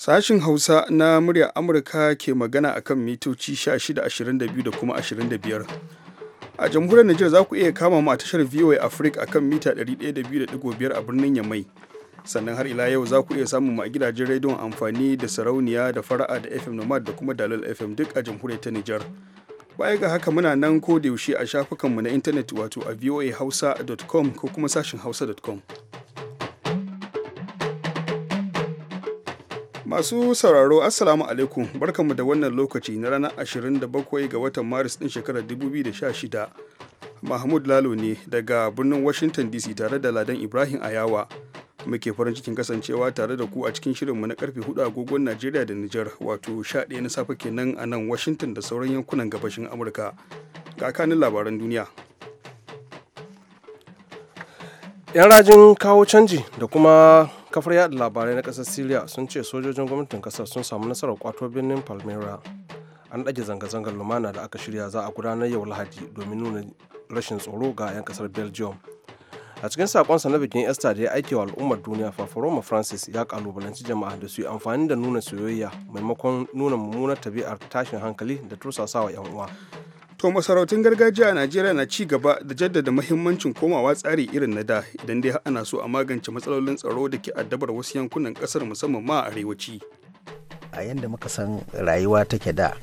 Sashin Hausa na muryar Amurka ke magana akan mitoci 1622 da kuma 25. A jamhuriyar Nijar za ku iya kama mu a tashar VOA Africa akan mita 102.5 a birnin Yamai. Sannan har ila yau za ku iya samun mu a gidajen rediyon amfani da sarauniya da fara'a da FM Nomad da kuma Dalal FM duk a jamhuriyar ta Nijar. Baya ga haka muna nan ko da yaushe a shafukanmu na intanet wato a voahausa.com ko kuma sashin hausa.com. Masu sauraro Assalamu alaikum barkanmu da wannan lokaci na ranar 27 ga watan Maris ɗin shekarar 2016. Mahmud Lalo ne daga birnin Washington DC tare da Ladan Ibrahim Ayawa. Muke farin cikin kasancewa tare da ku a cikin shirinmu na karfe 4 agogon Najeriya da Nijar wato 11 na safe kenan a nan Washington da sauran yankunan gabashin Amurka. Ga kanin labaran duniya. 'Yan rajin kawo canji da kuma kafar yada labarai na kasar syria sun ce sojojin gwamnatin kasar sun samu nasarar kwato birnin palmyra an ɗage zanga-zangar lumana da aka shirya za a gudanar yau lahadi domin nuna rashin tsoro ga 'yan kasar belgium a cikin sakonsa na bikin esther da ya aike wa al'ummar duniya farfaroma francis ya kalubalanci jama'a da su yi amfani da nuna soyayya maimakon nuna mummunar tabi'ar tashin hankali da tursasawa 'yan uwa To masarautun gargajiya a Najeriya na ci gaba da jaddada mahimmancin komawa tsari irin na da idan dai ana so a magance matsalolin tsaro da ke addabar wasu yankunan kasar musamman ma a arewaci. A yanda muka san rayuwa take da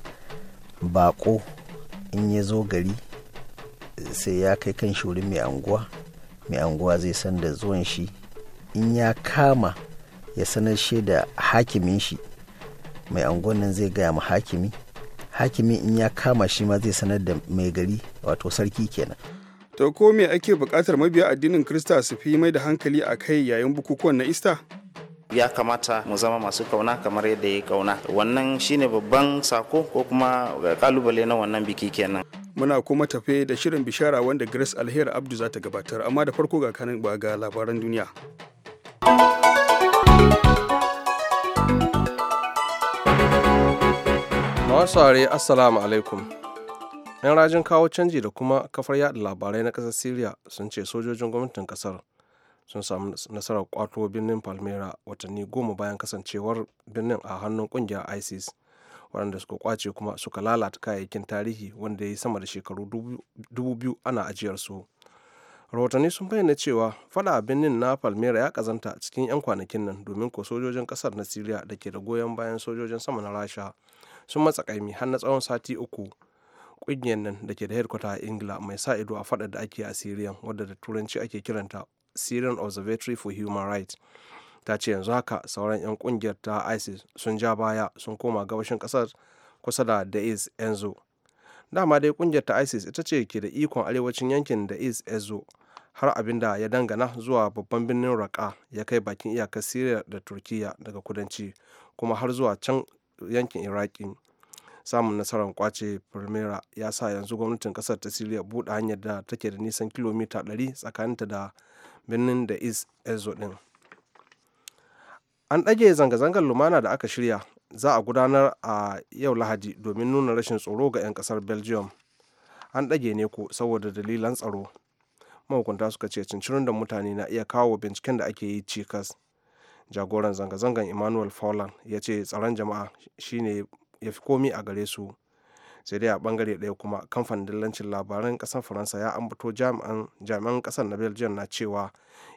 bako in ya zo gari sai ya kai kan shuri mai anguwa mai anguwa zai san da zuwan shi in ya kama ya sanar shi da hakimin shi mai anguwan nan zai gaya ma hakimi hakimi in ya kama shi ma zai sanar da mai gari wato sarki kenan to ko me ake bukatar mabiya addinin krista su fi mai da hankali a kai yayin bukukuwan na ista ya kamata mu zama masu kauna kamar yadda ya kauna wannan shine babban sako ko kuma kalubale na wannan biki kenan muna kuma tafe da shirin bishara wanda grace alheri abdu za ta gabatar amma da farko ga kanin ba ga labaran duniya wasu are assalamu alaikum yan rajin kawo canji da kuma kafar yada labarai na kasar syria sun ce sojojin gwamnatin kasar sun samu nasarar kwato birnin palmera watanni goma bayan kasancewar birnin a hannun kungiyar isis waɗanda suka kwace kuma suka lalata kayayyakin tarihi wanda ya yi sama da shekaru dubu biyu ana ajiyarsu rahotanni sun bayyana cewa fada a birnin na palmera ya kazanta cikin 'yan kwanakin nan domin ko sojojin kasar na syria da ke da goyon bayan sojojin sama na rasha sun matsakaimi har na tsawon sati uku ƙungiyar nan da ke da headquarter a ingila mai sa ido a faɗa da ake a syrian wadda da turanci ake kiranta syrian observatory for human rights ta ce yanzu haka sauran 'yan kungiyar ta isis sun ja baya sun koma gabashin kasar kusa da da'is enzo dama dai kungiyar ta isis ita ce ke da ikon arewacin yankin da'is enzo har abin da ya dangana zuwa babban birnin raka ya kai bakin iyakar syria da turkiya daga kudanci kuma har zuwa can yankin iraki samun nasarar kwace palmyra ya sa yanzu gwamnatin kasar ta siriya buɗe hanyar da take da nisan kilomita 100 tsakaninta da birnin da is ezo din an ɗage zanga-zangar lumana da aka shirya za a gudanar a yau lahadi domin nuna rashin tsoro ga 'yan kasar belgium an ɗage ne ku saboda dalilan tsaro mahukunta suka ce cincirin da mutane na iya kawo binciken da ake yi cikas jagoran zanga zangan emmanuel fowler ya ce tsaron jama'a shine ya fi komi a gare su sai dai a bangare daya kuma kamfanin dillancin labaran kasar faransa ya ambato jami'an ƙasar na belgium na cewa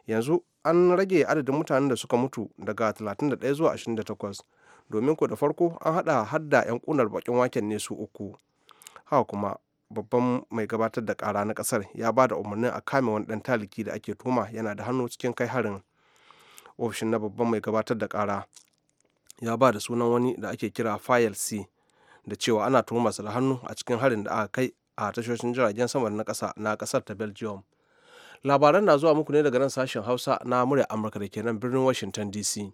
yanzu an rage adadin mutanen da suka mutu daga 31 zuwa 28 domin ko da farko an hada hadda 'yan kunar bakin waken ne su uku haka kuma babban mai gabatar da kara na ƙasar ya ba da umarnin a kame wani ɗan taliki da ake tuma yana da hannu cikin kai harin ofishin na babban mai gabatar da kara ya ba da sunan wani da ake kira fayel c da cewa ana tuhumarsa da hannu a cikin harin da aka kai a tashoshin jiragen sama na ƙasa na ƙasar ta belgium labaran na zuwa muku ne daga nan sashen hausa na murya amurka da ke nan birnin washington dc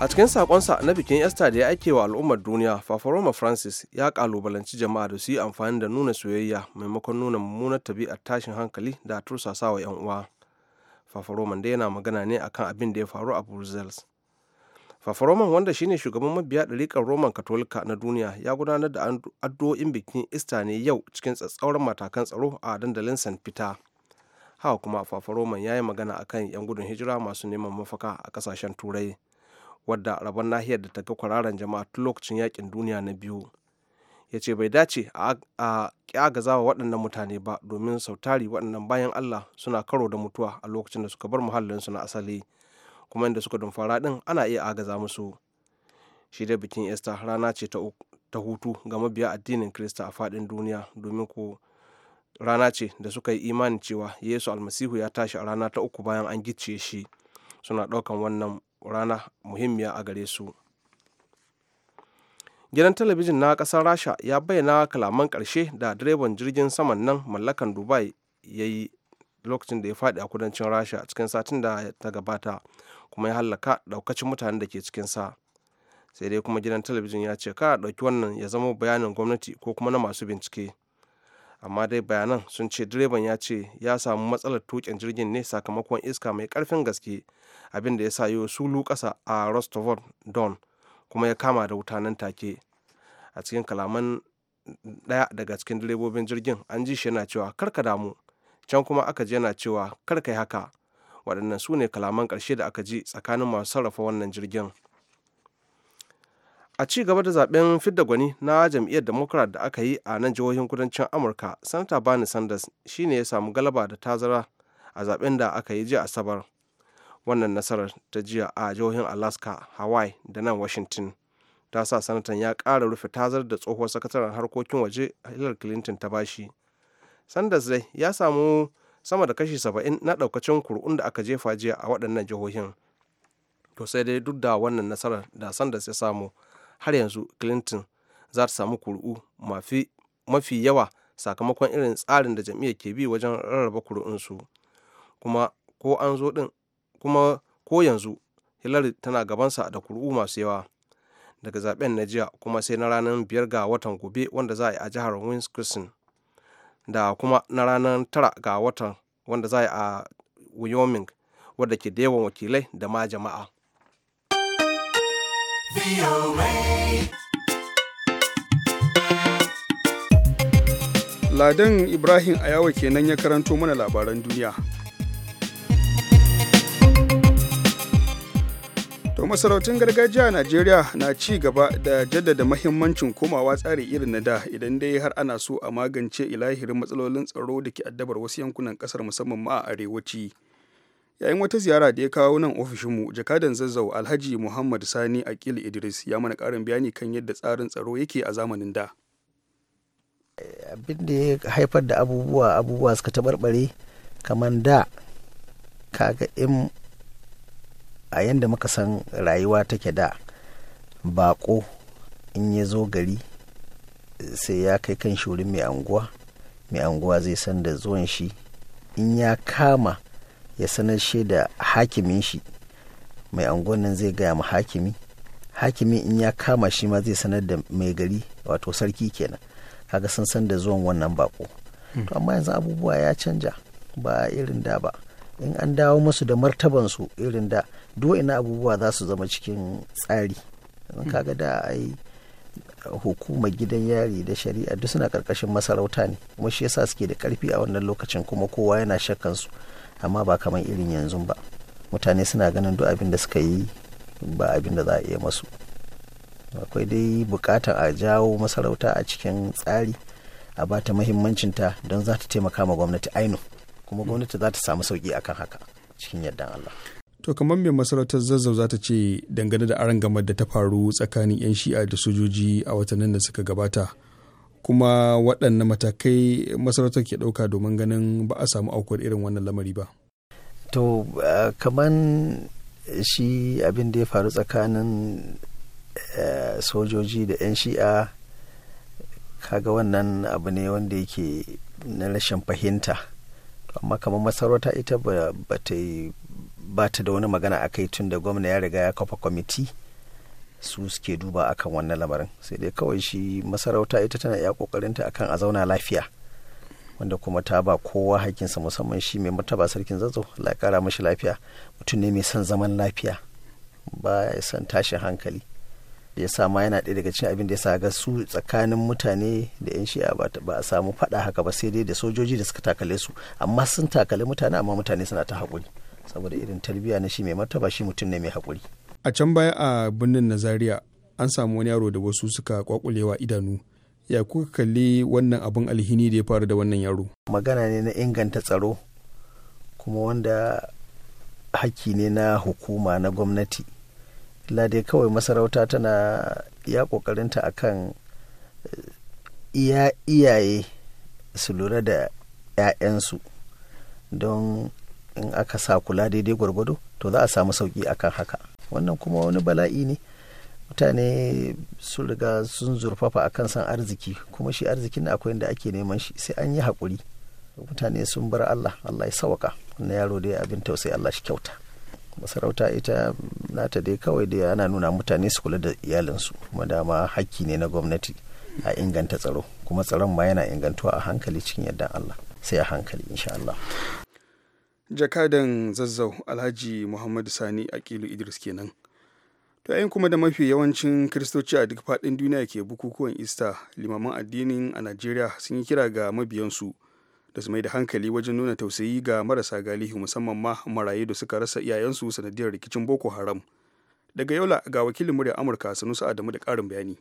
a cikin sakonsa na bikin esta da ya ake wa al'ummar duniya fafaroma francis ya kalubalanci jama'a da su yi amfani da nuna soyayya maimakon nuna mummunar tabi'ar tashin hankali da tursasa wa 'yan uwa fafaroman da yana magana ne akan abin da ya faru a brussels fafaroman wanda shine shugaban mabiya ɗariƙar roman katolika na duniya ya gudanar da addu'o'in bikin ista ne yau cikin tsatsauran matakan tsaro a dandalin san peter haka kuma fafaroman ya yi magana akan 'yan gudun hijira masu neman mafaka a kasashen turai wadda rabon nahiyar da ta ga kwararan jama'a tun lokacin yakin duniya na biyu ya ce bai dace a kyagazawa waɗannan mutane ba domin sautari waɗannan bayan allah suna karo da mutuwa a lokacin da suka bar muhallinsu na asali kuma inda suka dumfara ɗin ana iya agaza musu shi da bikin esther rana ce ta hutu ga mabiya addinin krista a faɗin duniya domin ko rana ce da suka yi imanin cewa yesu almasihu ya tashi a rana ta uku bayan an gice shi suna ɗaukan wannan rana muhimmiya a gare su gidan talabijin na ƙasar rasha ya bayyana kalaman ƙarshe da direban jirgin saman nan mallakan dubai ya yi lokacin da ya faɗi a kudancin rasha cikin satin da ta gabata kuma ya hallaka ɗaukacin mutane da ke cikinsa sai dai kuma gidan talabijin ya ce kara ɗauki wannan ya zama bayanin gwamnati ko kuma na masu bincike amma dai bayanan sun ce direban ya ce ya samu matsalar tukin jirgin ne sakamakon iska mai karfin gaske abin da ya sa ya sulu ƙasa a rostovon don kuma ya kama da wuta nan take a cikin kalaman ɗaya daga cikin direbobin jirgin an ji shi yana cewa karka damu can kuma aka ji yana cewa karka yi haka waɗannan su ne kalaman ƙarshe da aka ji tsakanin masu sarrafa wannan jirgin a ci gaba da zaben fidda gwani na jam'iyyar democrat da aka yi a nan jihohin kudancin amurka sanata bani sanders shine ya samu galaba da tazara a zaben da aka yi jiya asabar wannan nasarar ta jiya a jihohin alaska hawaii da nan washington ta sa sanatan ya kara rufe tazar da tsohuwar sakataren harkokin waje hillary clinton ta bashi sanders dai ya samu sama da kashi 70 na ɗaukacin kur'un da aka jefa jiya a waɗannan jihohin to sai dai duk da wannan nasarar da sanders ya samu har yanzu clinton za ta samu kuri'u mafi yawa sakamakon irin tsarin da jam'iyyar ke bi wajen rarraba kuri'unsu kuma ko an zo din kuma ko yanzu hillary tana gabansa da kuri'u masu yawa daga zaben na jiya kuma sai na ranar biyar ga watan gobe wanda za a yi a jihar wisconsin da kuma na ranar tara ga watan wanda za a yi a wyoming wadda ke da yawan wakilai da ma jama'a ladan ibrahim ayawa kenan ya karanto mana labaran duniya masarautun gargajiya a najeriya na ci gaba da jaddada mahimmancin komawa tsari irin na da idan dai har ana so a magance ilahirin matsalolin tsaro da ke addabar wasu yankunan kasar musamman ma a arewaci yayin wata ziyara da ya kawo nan ofishinmu jakadan zazzau alhaji muhammad sani akil idris ya mana karin bayani kan yadda tsarin tsaro yake a zamanin da abin da ya haifar da abubuwa abubuwa suka taɓarɓare kamar da kaga in a yadda muka san rayuwa take da bako in ya zo gari sai ya kai kan shuri mai anguwa mai anguwa zai san da zuwan shi in ya kama ya sanar shi da hakimin shi mai anguwan nan zai gaya ma hakimi hakimi in ya kama shi ma zai sanar da mai gari wato sarki kenan kaga sun san da zuwan wannan bako hmm. to amma yanzu abubuwa ya canja ba irin da ba in an dawo masu da martabansu irin da ina abubuwa za su zama cikin tsari kaga da ai hukumar gidan yari da shari'a duk suna karkashin masarauta ne kuma shi yasa suke da karfi a wannan lokacin kuma kowa yana shakkan su amma ba kamar irin yanzu ba mutane suna ganin duk abin da suka yi ba abin da za a iya masu akwai dai bukatar a jawo masarauta a cikin tsari a bata mahimmancinta don za ta taimaka ma gwamnati ainu kuma gwamnati za ta samu sauki akan haka cikin yardan Allah to kamar mai masarautar zazzau za ta ce dangane da aron arangamar da ta faru tsakanin 'yan shi'a da sojoji a watannin da suka gabata kuma waɗanne matakai masarautar ke ɗauka domin ganin ba a samu aukuwar irin wannan lamari ba to eh, kamar shi abin da ya faru tsakanin eh, sojoji da 'yan shi'a kaga wannan abu ne wanda yake na rashin fahimta amma kamar masarauta ita ba ta ba ta da wani magana akai kai tun da gwamna ya riga ya kafa kwamiti su suke duba akan wannan lamarin sai dai kawai shi masarauta ita tana iya kokarinta akan a zauna lafiya wanda kuma ta ba kowa hakinsa musamman shi mai martaba sarkin zazzau la kara mashi lafiya mutum ne mai son zaman lafiya ba ya son tashin hankali da ya sama yana ɗaya daga cikin abin da ya sa ga su tsakanin mutane da 'yan shi'a ba a samu faɗa haka ba sai dai da sojoji da suka takale su amma sun takale mutane amma mutane suna ta haƙuri saboda irin talbiya na shi mai martaba shi mutum ne mai haƙuri a can baya a birnin nazariya an samu wani yaro da wasu suka kwakulewa idanu ya kuka kalli wannan abin alhini da ya faru da wannan yaro magana ne na inganta tsaro kuma wanda hakki ne na hukuma na gwamnati ladai kawai masarauta tana ya kokarinta akan eh, iya iyaye su lura da 'ya'yansu don in aka sa kula daidai gwargwado to za a samu sauki akan haka wannan kuma wani bala'i ne mutane sun riga sun zurfafa akan san arziki kuma shi arzikin na akwai inda ake neman shi sai an yi haƙuri mutane sun bar allah allah ya sawaka wannan yaro dai abin tausayi allah shi kyauta masarauta ita nata dai kawai dai ana nuna mutane su kula da iyalinsu kuma dama hakki ne na gwamnati a inganta tsaro kuma tsaron ma yana ingantuwa a hankali cikin yadda Allah sai a hankali insha Allah jakadan zazzau alhaji muhammadu sani a akilu idris kenan to yayin kuma da mafi yawancin kiristoci a duk faɗin duniya ke bukukuwan ista limaman addinin a najeriya sun yi kira ga mabiyansu da su mai da hankali wajen nuna tausayi ga marasa galihu musamman ma maraye da suka rasa iyayensu sanadiyar rikicin boko haram daga yola ga wakilin murya amurka sanusa adamu da karin bayani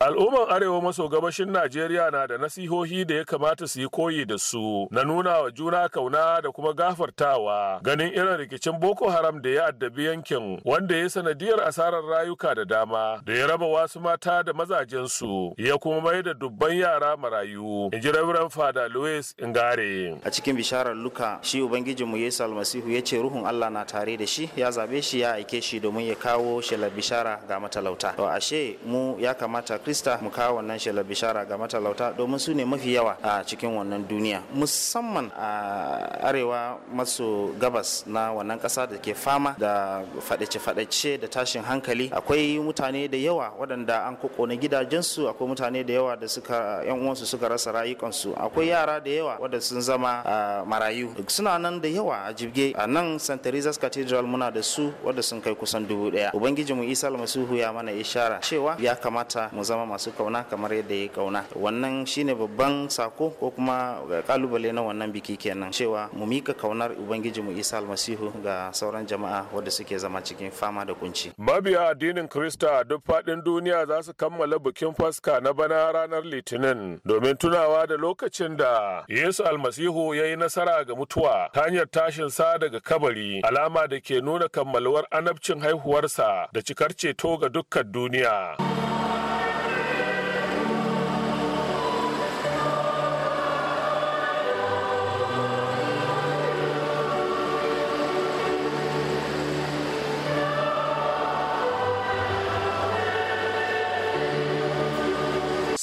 Al'ummar Arewa maso gabashin Najeriya na da nasihohi da ya kamata su yi koyi da su na nuna wa juna kauna da kuma gafartawa ganin irin rikicin Boko Haram da ya addabi yankin wanda ya sanadiyar asarar rayuka da dama da ya raba wasu mata da mazajensu ya kuma mai da dubban yara marayu. In ji Reverend Fada Louis Ngare. A cikin bisharar Luka shi Ubangijinmu Yesu Almasihu ya ce Ruhun Allah na tare da shi ya zabe shi ya aike shi domin ya kawo shelar bishara ga matalauta. To ashe mu ya kamata krista mu kawo wannan shelar bishara ga matalauta domin su ne mafi yawa a cikin wannan duniya musamman a arewa maso gabas na wannan kasa da ke fama da fadace-fadace da tashin hankali akwai mutane da yawa waɗanda an na gidajensu akwai mutane da yawa da suka yan uwansu suka rasa rayukansu akwai yara da yawa wadanda sun zama marayu suna nan da yawa a jibge a nan st teresa's cathedral muna da su wadda sun kai kusan dubu ɗaya ubangijinmu isa almasuhu ya mana ishara cewa ya kamata mu zama zama masu kauna kamar yadda ya kauna wannan shine babban sako ko kuma kalubale na wannan biki kenan cewa mu mika kaunar ubangiji mu isa almasihu ga sauran jama'a wadda suke zama cikin fama da kunci mabiya addinin krista duk faɗin duniya za su kammala bikin faska na bana ranar litinin domin tunawa da lokacin da yesu almasihu ya yi nasara ga mutuwa ta hanyar sa daga kabari alama da ke nuna kammaluwar anabcin haihuwarsa da cikar ceto ga dukkan duniya.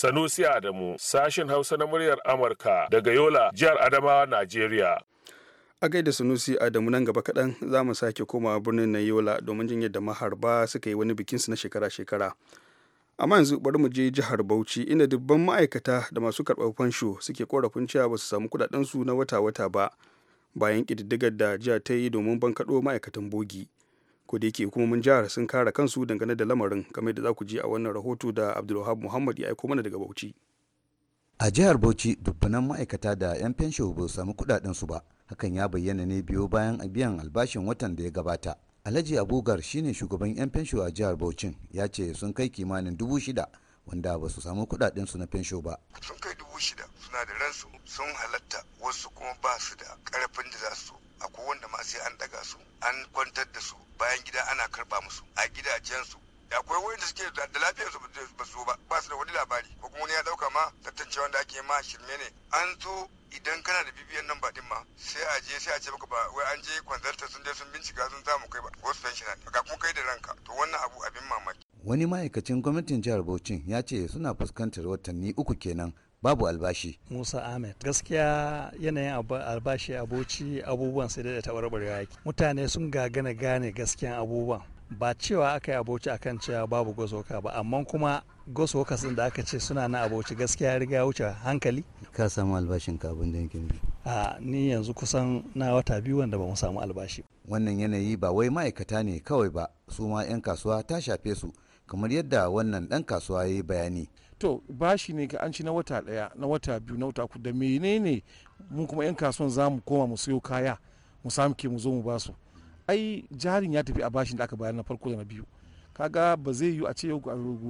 Sanusi Adamu, sashin Hausa na muryar Amurka daga Yola, jihar Adamawa, Najeriya. A gaida Sanusi Adamu nan gaba kaɗan za mu sake koma birnin na Yola domin jin yadda maharba suka yi wani bikinsu na shekara-shekara. amma yanzu bari mu je jihar bauchi inda dubban ma'aikata da masu karɓar fansho suke korafin cewa ba su samu su na wata-wata ba bayan ƙididdigar da jiya ta yi domin bankaɗo ma'aikatan bogi ko da yake hukumomin jihar sun kare kansu dangane da lamarin kamar da za ku ji a wannan rahoto da abdulwahab muhammad ya aiko mana daga bauchi a jihar bauchi dubbanan ma'aikata da 'yan fensho ba samu kudaden su ba hakan ya bayyana ne biyo bayan biyan albashin watan da ya gabata alhaji abugar shine shugaban 'yan fensho a jihar bauchin ya ce sun kai kimanin dubu shida wanda ba su samu kudaden su na fensho ba sun kai dubu shida suna da ransu sun halatta wasu kuma ba su da karfin da za su akwai wanda ma sai an daga su an kwantar da su bayan gida ana karba musu a gidajensu akwai wurin da suke da lafiyar su ba su ba ba su da wani labari ko kuma wani ya dauka ma tantancewa da ake ma shirme ne an zo idan kana da bibiyan nan ba din ma sai a je sai a ce baka ba wai an je kwanzarta sun je sun bincika sun za mu kai ba wasu pension ne ka kuma kai da ranka to wannan abu abin mamaki wani ma'aikacin gwamnatin jihar Bauchi ya ce suna fuskantar watanni uku kenan babu albashi musa ahmed gaskiya yanayin albashi a abubuwan sai da taɓarɓarewa yake mutane sun gagana gane gaskiyan abubuwan ba cewa aka yi aboci akan cewa babu gosoka ba amma kuma gosoka sun da aka ce suna na aboci gaskiya ya riga wuce hankali ka samu albashin ka abin da yake a ni yanzu kusan na wata biyu wanda ba mu samu albashi wannan yanayi ba wai ma'aikata ne kawai ba su ma 'yan kasuwa ta shafe su kamar yadda wannan dan kasuwa ya yi bayani to bashi ne ka an ci na wata daya na wata biyu na wata uku da menene mu kuma 'yan kasuwan za mu koma mu siyo kaya mu samu ke mu zo mu basu ai jarin ya tafi a bashin da aka bayar na farko da na biyu kaga ba zai yiwu a ce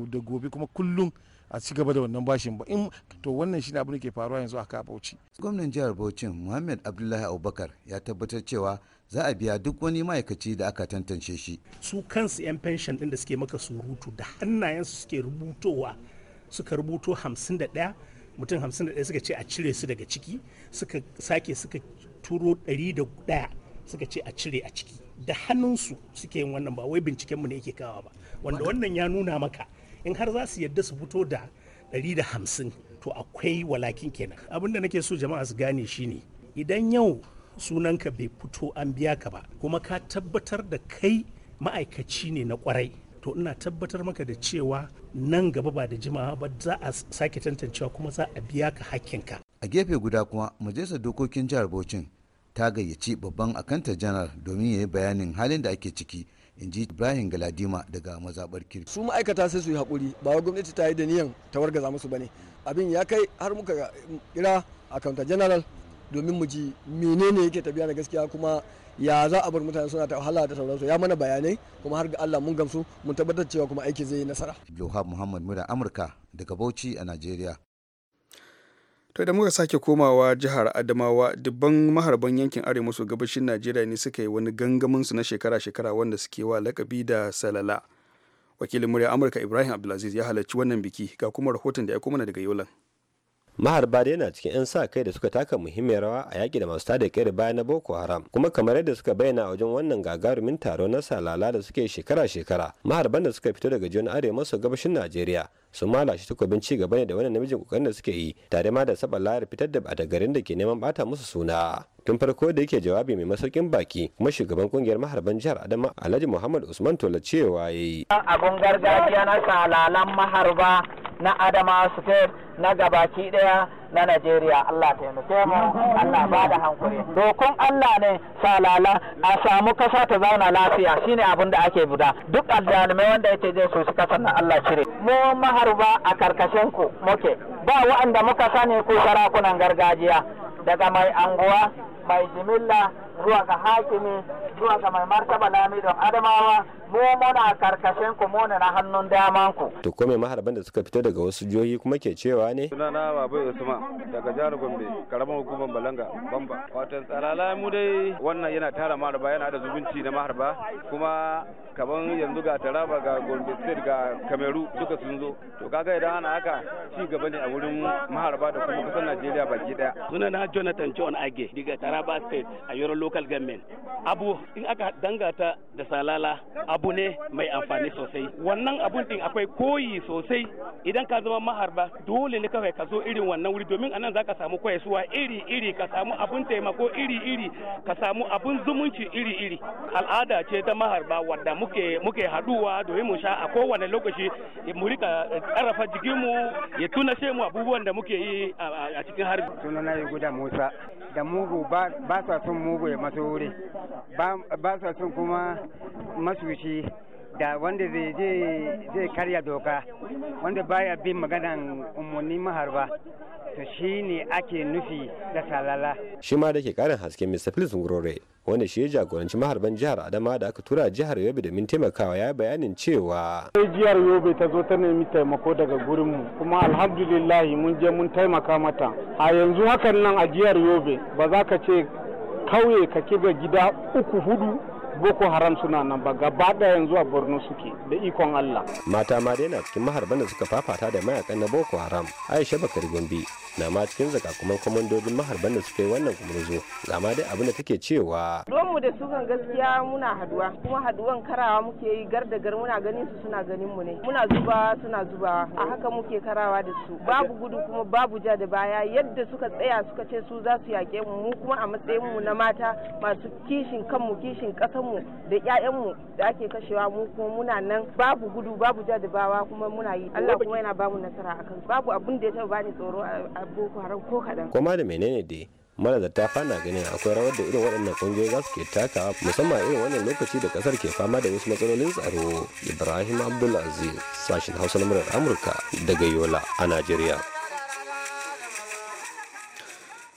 da gobe kuma kullum a ci gaba da wannan bashin ba in to wannan shine abin da ke faruwa yanzu a Bauchi gwamnan jihar Bauchi Muhammad Abdullahi Abubakar ya tabbatar cewa za a biya duk wani ma'aikaci da aka tantance shi su kansu 'yan fenshin din da suke maka surutu da hannayensu suke rubutowa suka rubuto 51 mutum 51 suka ce a cire su daga ciki suka sake suka turo 101 suka ce a cire a ciki da hannunsu suke yin wannan ba wai bincikenmu ne yake kawa ba wanda wannan ya nuna maka in har za su yadda su fito da 150 to akwai walakin kenan abin da nake so jama'a su gane shi ne idan yau sunanka bai fito an biya ka ba kuma ka tabbatar da kai ma'aikaci ne na kwarai to ina tabbatar maka da cewa nan gaba ba da jimawa ba za a sake tantancewa kuma za a biya ka hakkinka a gefe guda kuma majalisar dokokin jihar Bauchin ta gayyaci babban akanta janar domin ya yi bayanin halin da ake ciki in ji ibrahim galadima daga mazabar kirki su ma'aikata sai su yi haƙuri ba wa gwamnati ta yi da niyan ta wargaza musu ba ne abin ya kai har muka kira akanta janar domin mu ji menene yake tafiya da gaskiya kuma ya za a bar mutane suna ta wahala da sauransu ya mana bayanai kuma har ga Allah mun gamsu mun tabbatar cewa kuma aiki zai yi nasara. Abdulhab Muhammad Mura Amurka daga Bauchi a Najeriya. To da muka sake komawa jihar Adamawa dubban maharban yankin arewa maso gabashin Najeriya ne suka yi wani gangamin su na shekara-shekara wanda suke wa lakabi da salala. Wakilin murya Amurka Ibrahim Abdulaziz ya halarci wannan biki ga kuma rahoton da ya kuma daga Yolan. maharba da yana cikin 'yan sa kai da suka taka muhimmiyar rawa a yaƙi da masu tada kere baya na boko haram kuma kamar yadda suka bayyana a wajen wannan gagarumin taro na salala da suke shekara-shekara maharban da suka fito daga juna arewa maso gabashin najeriya sun malashi takobin ci gaba ne da wannan namijin kokarin da suke yi tare ma da saba layar fitar da adagarin da ke neman bata musu suna tun farko da yake jawabi mai masaukin baki kuma shugaban kungiyar maharban jihar adama alhaji muhammad usman tola cewa ya yi abun gajiya na salalan maharba na adama state na gabaki daya na najeriya allah taimake mu allah ba da hankuri dokun allah ne salala a samu kasa ta zauna lafiya shine abin da ake buda duk addalmai wanda yake je su kasa na allah shire mu maharba a karkashin ku muke ba wa'anda muka sani ku sarakunan gargajiya daga mai anguwa mai jimilla zuwa ga hakimi zuwa ga mai martaba lami don adamawa mu muna karkashin ku mu na hannun daman ku to ko mai maharban da suka fito daga wasu jihohi kuma ke cewa ne sunana babu usman daga jihar gombe karamar hukumar balanga bamba wato tsalala mu dai wannan yana tara maharba yana da zubunci na maharba kuma kaman yanzu ga taraba ga gombe state ga kameru duka sun zo to kaga idan ana haka ci gaba ne a wurin maharba da kuma kasar najeriya baki daya sunana jonathan john age daga taraba state a yoron local government abu in aka dangata da salala abu ne mai amfani sosai wannan abun din akwai koyi sosai idan ka zama maharba dole ne kawai ka zo irin wannan wuri domin anan zaka samu koyasuwa iri iri ka samu abun taimako iri iri ka samu abun zumunci iri iri al'ada ce ta maharba wanda muke muke haduwa domin mu sha a kowane lokaci mu rika eh, ƙarfafa jikinmu ya she mu abubuwan da muke yi a cikin harbi sunana yi guda musa da mugu ba sa son mugu ya maso wuri ba sa son kuma masuci shi da wanda zai karya doka wanda baya bin maganan umarni maharba to shi ne ake nufi da salala. shi ma da ke karin haske mr phillips ngurore wanda shi ya jagoranci maharban jihar adama da aka tura jihar yobe domin taimakawa ya bayanin cewa sai jihar yobe ta zo ta nemi taimako daga gurinmu kuma alhamdulillahi mun je mun taimaka mata a yanzu hakan nan a jihar yobe ba za ka ce kauye ka kiga gida uku hudu boko haram suna nan ba gaba da yanzu a borno suke da ikon allah mata ma dai na cikin maharban da suka fafata da mayakan na boko haram aisha bakar gombe na ma cikin zakakuman kwamandojin maharban da suka yi wannan kumurzo ga ma dai abin da take cewa mu da su kan gaskiya muna haduwa kuma haduwan karawa muke yi gar da gar muna ganin su suna ganin mu ne muna zuba suna zubawa a haka muke karawa da su babu gudu kuma babu ja da baya yadda suka tsaya suka ce su za su yaƙe mu mu kuma a matsayin mu na mata masu kishin kanmu kishin ƙasar mu da ƴaƴanmu da ake kashewa mu kuma muna nan babu gudu babu jadabawa kuma muna yi Allah kuma yana bamu nasara akan babu abin da ya taɓa bani tsoro a Boko Haram ko kaɗan. Kuma da menene dai ta fana ganin akwai rawar da irin waɗannan ƙungiyoyi za su ke takawa musamman irin wannan lokaci da ƙasar ke fama da wasu matsalolin tsaro ibrahim abdulaziz sashen hausa na murar amurka daga yola a najeriya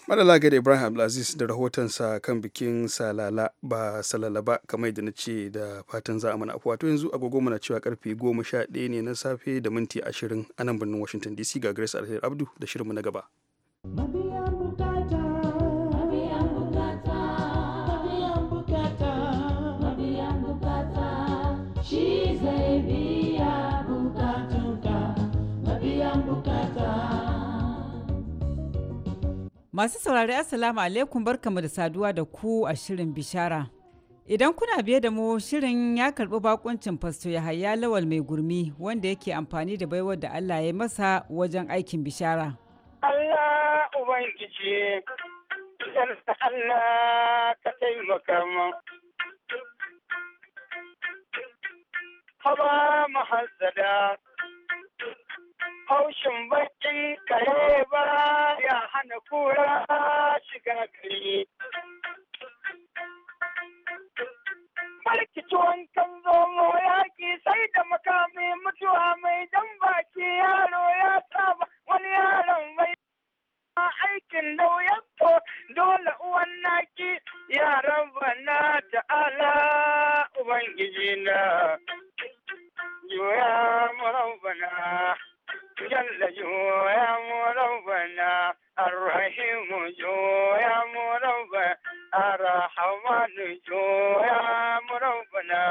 madala ga ibrahim abdulaziz da rahotonsa kan bikin salala ba salala ba kamar da na ce da fatan za a mana afuwa to yanzu agogo mana cewa karfe goma sha ɗaya ne na safe da minti ashirin a nan birnin washington dc ga grace alheri abdu da shirinmu na gaba. Masu saurari Assalamu alaikum barkamu da saduwa da ku a shirin bishara. Idan kuna biye da mu shirin ya karɓi bakuncin fasto Yahaya Lawal mai gurmi wanda yake amfani da baiwar da Allah ya masa wajen aikin bishara. Allah Ubangiji, Allah ka haushin baki kare ba ya hana kura shiga kare. Markituwan kan zomo yaƙi sai da makami mutuwa mai dan baki yaro ya saba wani yaron bai aikin lauyanto dole uwan naki yaran bana da ubangiji na. Yoya mara bana. جل جو يا ربنا الرحيم جو يا ربنا الرحمن جو يا ربنا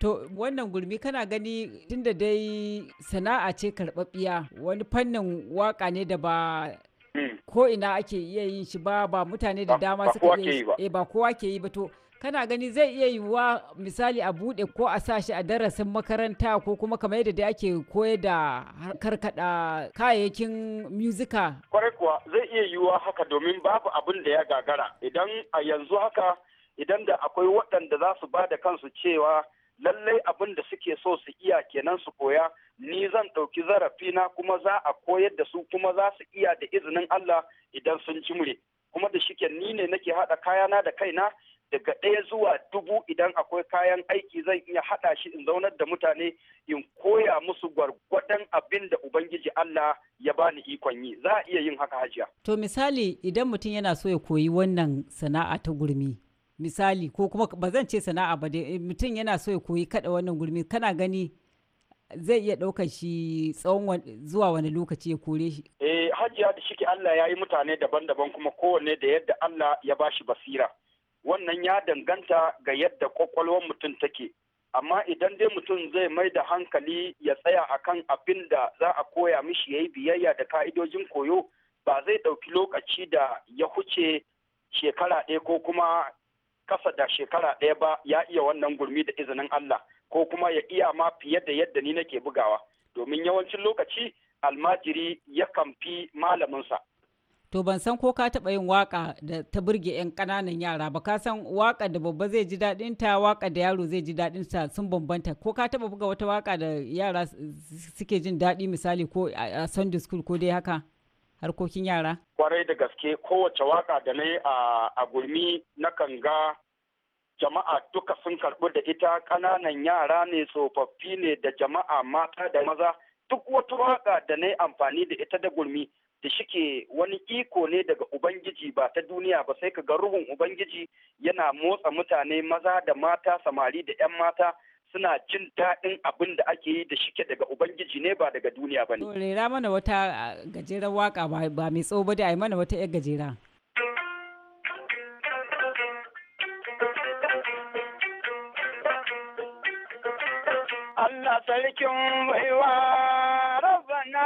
To wannan gurmi kana gani tunda dai sana'a ce karɓaɓɓiya wani fannin waƙa ne da ba hmm. ko ina ake iya yin shi ba ba mutane da dama suka yi eh, ba kowa ke yi ba to kana gani zai iya yiwuwa misali a buɗe ko a sashi a darasin makaranta ko kuma kamar yadda da ake koyar da karkada kayayyakin musika kwarai kuwa zai iya yiwuwa haka domin babu abin da ya gagara idan a yanzu haka idan da akwai waɗanda za su ba da kansu cewa lallai abin da suke so su iya kenan su koya ni zan ɗauki zarafina kuma za a koyar da su kuma za su iya da izinin Allah idan sun mure kuma da shike ni ne nake haɗa kayana da kaina daga ɗaya zuwa dubu idan akwai kayan aiki zan iya haɗa shi in zaunar da mutane in koya musu gwargwadon abin da Ubangiji Allah ya bani ikon yi za a iya yin haka hajiya. To misali idan mutum yana so ya koyi wannan sana'a ta gurmi misali ko kuma ba zan ce sana'a ba dai mutum yana so ya koyi kada wannan gurmi kana gani zai iya ɗaukar shi tsawon zuwa wani lokaci ya kore shi. Eh hajiya da shike Allah ya yi mutane daban-daban kuma kowanne da yadda Allah ya bashi basira. wannan ya danganta ga yadda kwakwalwar mutum take amma idan dai mutum zai mai da hankali ya tsaya akan abin da za a koya mishi ya yi biyayya da ka'idojin koyo ba zai ɗauki lokaci da ya huce shekara ɗaya ko kuma kasa da shekara ɗaya ba ya iya wannan gurmi da izinin Allah ko kuma ya iya ma fiye da yadda ni nake bugawa domin yawancin lokaci almajiri yakan fi malaminsa to ban san ko ka taɓa yin waka da ta burge 'yan kananan yara ba ka san waka da babba zai ji daɗin ta waka da yaro zai ji daɗin ta sun bambanta ko ka taba buga wata waka da yara suke jin daɗi misali ko a sunday school ko dai haka harkokin yara kwarai da gaske kowace waka da na yi a gurmi na kanga ga jama'a duka sun karbu da ita kananan yara ne tsofaffi ne da jama'a mata da maza duk wata waka da nayi amfani da ita da gurmi da shike wani iko ne daga Ubangiji ba ta duniya ba sai ka ga ruhun Ubangiji yana motsa mutane maza da mata samari da 'yan mata suna jin daɗin abin da ake yi da shike daga Ubangiji ne ba daga duniya ba ne. Rera mana wata gajeren waka ba mai tsawo ba da a mana wata 'yar gajera. Allah sarkin baiwa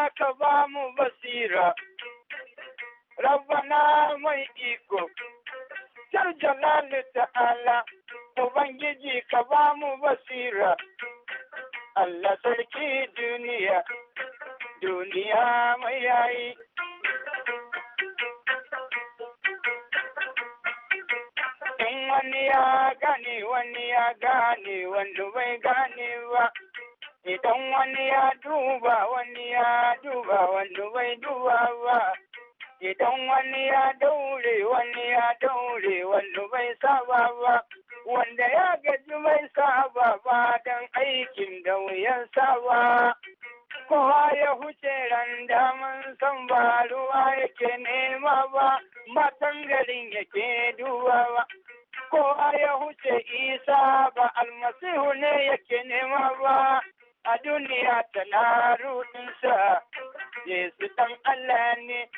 rabbana ka ba mu basira rabana mai iko ala, jalalu bangi ubangiji ka ba mu basira Allah sarki duniya duniya mai yayi in wani ya gane wani ya gane wani bai gane ba Idan wani ya duba wani ya duba wani bai duba ba. Idan wani ya daure wani ya daure wani bai saba ba. Wanda ya gaji mai saba ba don aikin da wuyan saba. Kowa ya huce ran daman san ba ruwa yake nema ba, matan garin yake duba ba. Kowa ya huce isa ba almasihu ne yake nema ba. a duniya ta na Yesu ɗan Allah ne,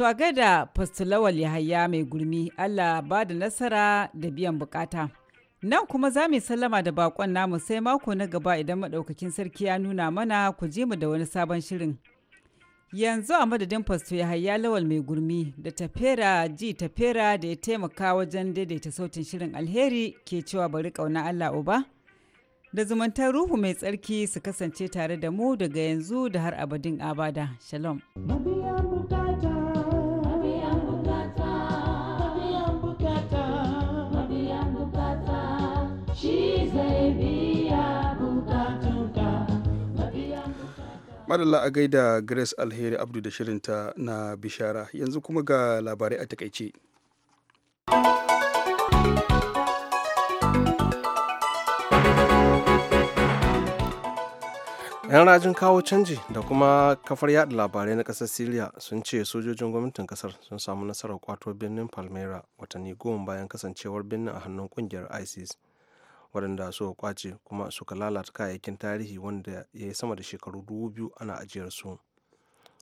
To a gaida Fastilawal Yahaya mai gurmi Allah ba da nasara da biyan bukata. Nan kuma za mu sallama da bakon namu sai mako na gaba idan madaukakin sarki ya nuna mana ku je mu da wani sabon shirin. Yanzu a madadin fasto Yahaya Lawal mai gurmi da tafera ji tafera da ya taimaka wajen daidaita sautin shirin alheri ke cewa bari kauna Allah uba. Da zumuntar ruhu mai tsarki su kasance tare da mu daga yanzu da har abadin abada. Shalom. madalla a gaida grace alheri abdu da shirinta na bishara yanzu kuma ga labarai a takaice yan rajin kawo canji da kuma kafar yada labarai na kasar syria sun ce sojojin gwamnatin kasar sun samu nasarar kwato birnin palmyra watanni goma bayan kasancewar birnin a hannun kungiyar isis waɗanda suka kwace kuma suka lalata kayayyakin tarihi wanda ya yi sama da shekaru dubu biyu ana ajiyar su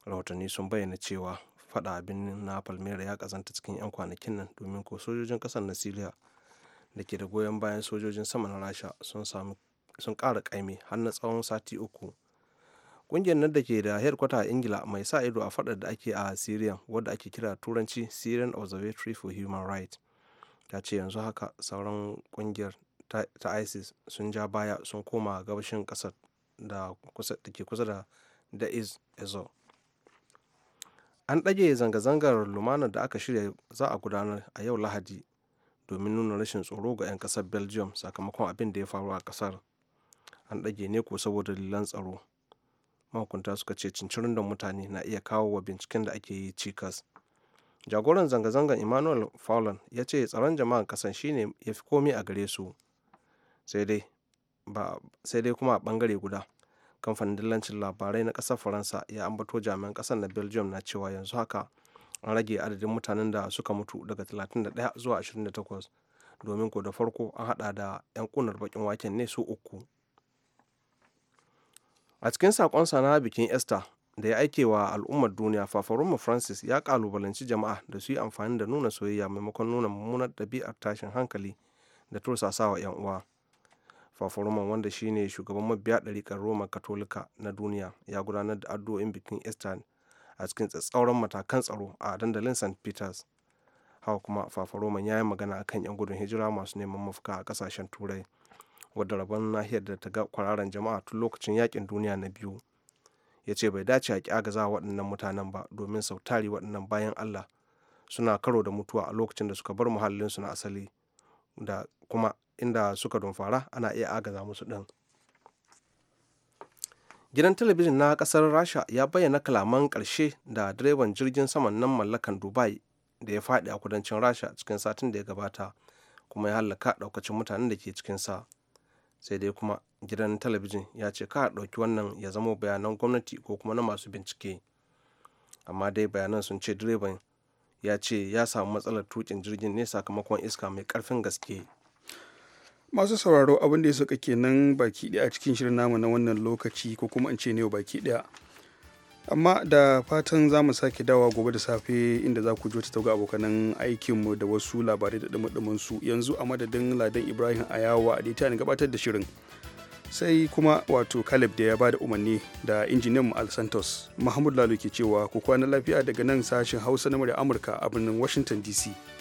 rahotanni sun bayyana cewa faɗa abin na palmera ya kazanta cikin 'yan kwanakin nan domin ko sojojin ƙasar na siriya da ke da goyon bayan sojojin sama na rasha sun ƙara ƙaimi har na tsawon sati uku ƙungiyar nan da ke da headkwata a ingila mai sa ido a faɗar da ake a syria wadda ake kira turanci syrian observatory for human rights ta ce yanzu haka sauran ƙungiyar ta isis sun ja baya sun koma gabashin kasar da ke kusa da da'iz ezo an ɗage zanga-zangar lumana da aka shirya za a gudanar a yau lahadi domin nuna rashin tsoro ga 'yan kasar belgium sakamakon abin da ya faru a kasar an ɗage ne ko saboda dalilan tsaro mahukunta suka ce cincirin da mutane na iya kawo wa binciken da ake yi cikas jagoran zanga-zangar emmanuel fowler ya ce tsaron jama'an kasan shine ya fi komi a gare su sai dai kuma a bangare guda kamfanin dillancin labarai na ƙasar faransa ya ambato jami'an ƙasar na belgium na cewa yanzu haka an rage adadin mutanen da suka mutu daga 31 zuwa 28 domin ko da farko an hada da 'yan kunar bakin waken ne su uku a cikin sakonsa na bikin esther da ya aike wa al'ummar duniya fafarunmu francis ya kalubalanci jama'a da su yi amfani da nuna soyayya maimakon nuna mummunar ɗabi'ar tashin hankali da tursasawa 'yan uwa fafaroman wanda shi ne shugaban mabiya ɗariƙar roma katolika na duniya ya gudanar da addu'o'in bikin easter a cikin tsatsauran matakan tsaro a dandalin st peters haka kuma fafaroman ya yi magana a kan 'yan gudun hijira masu neman mafaka a ƙasashen turai wadda rabon nahiyar da ta ga kwararan jama'a tun lokacin yakin duniya na biyu ya ce bai dace a kyagaza waɗannan mutanen ba domin sautari waɗannan bayan allah suna karo da mutuwa a lokacin da suka bar muhallinsu na asali da kuma inda suka dumfara ana iya agaza musu din gidan talabijin na kasar rasha ya bayyana kalaman karshe da direban jirgin saman nan mallakan dubai da ya faɗi a kudancin rasha cikin satin da ya gabata kuma ya hallaka ɗaukacin mutanen da ke cikinsa sai dai kuma gidan talabijin ya ce ka ɗauki wannan ya zama bayanan gwamnati ko kuma na masu bincike amma dai bayanan sun ce direban ya ce ya samu matsalar tukin jirgin ne sakamakon iska mai ƙarfin gaske masu sauraro abin da ya saka kenan baki ɗaya a cikin shirin namu na wannan lokaci ko kuma in ce ne baki ɗaya amma da fatan za mu sake dawa gobe da safe inda za ku ji wata tauga abokanan aikinmu da wasu labarai da dumadumin su yanzu a madadin ladan ibrahim ayawa a ta gabatar da shirin sai kuma wato caleb da ya ba da umarni da injiniyan mu al santos mahmud lalo ke cewa ku kwana lafiya daga nan sashen hausa na murya amurka a birnin washington dc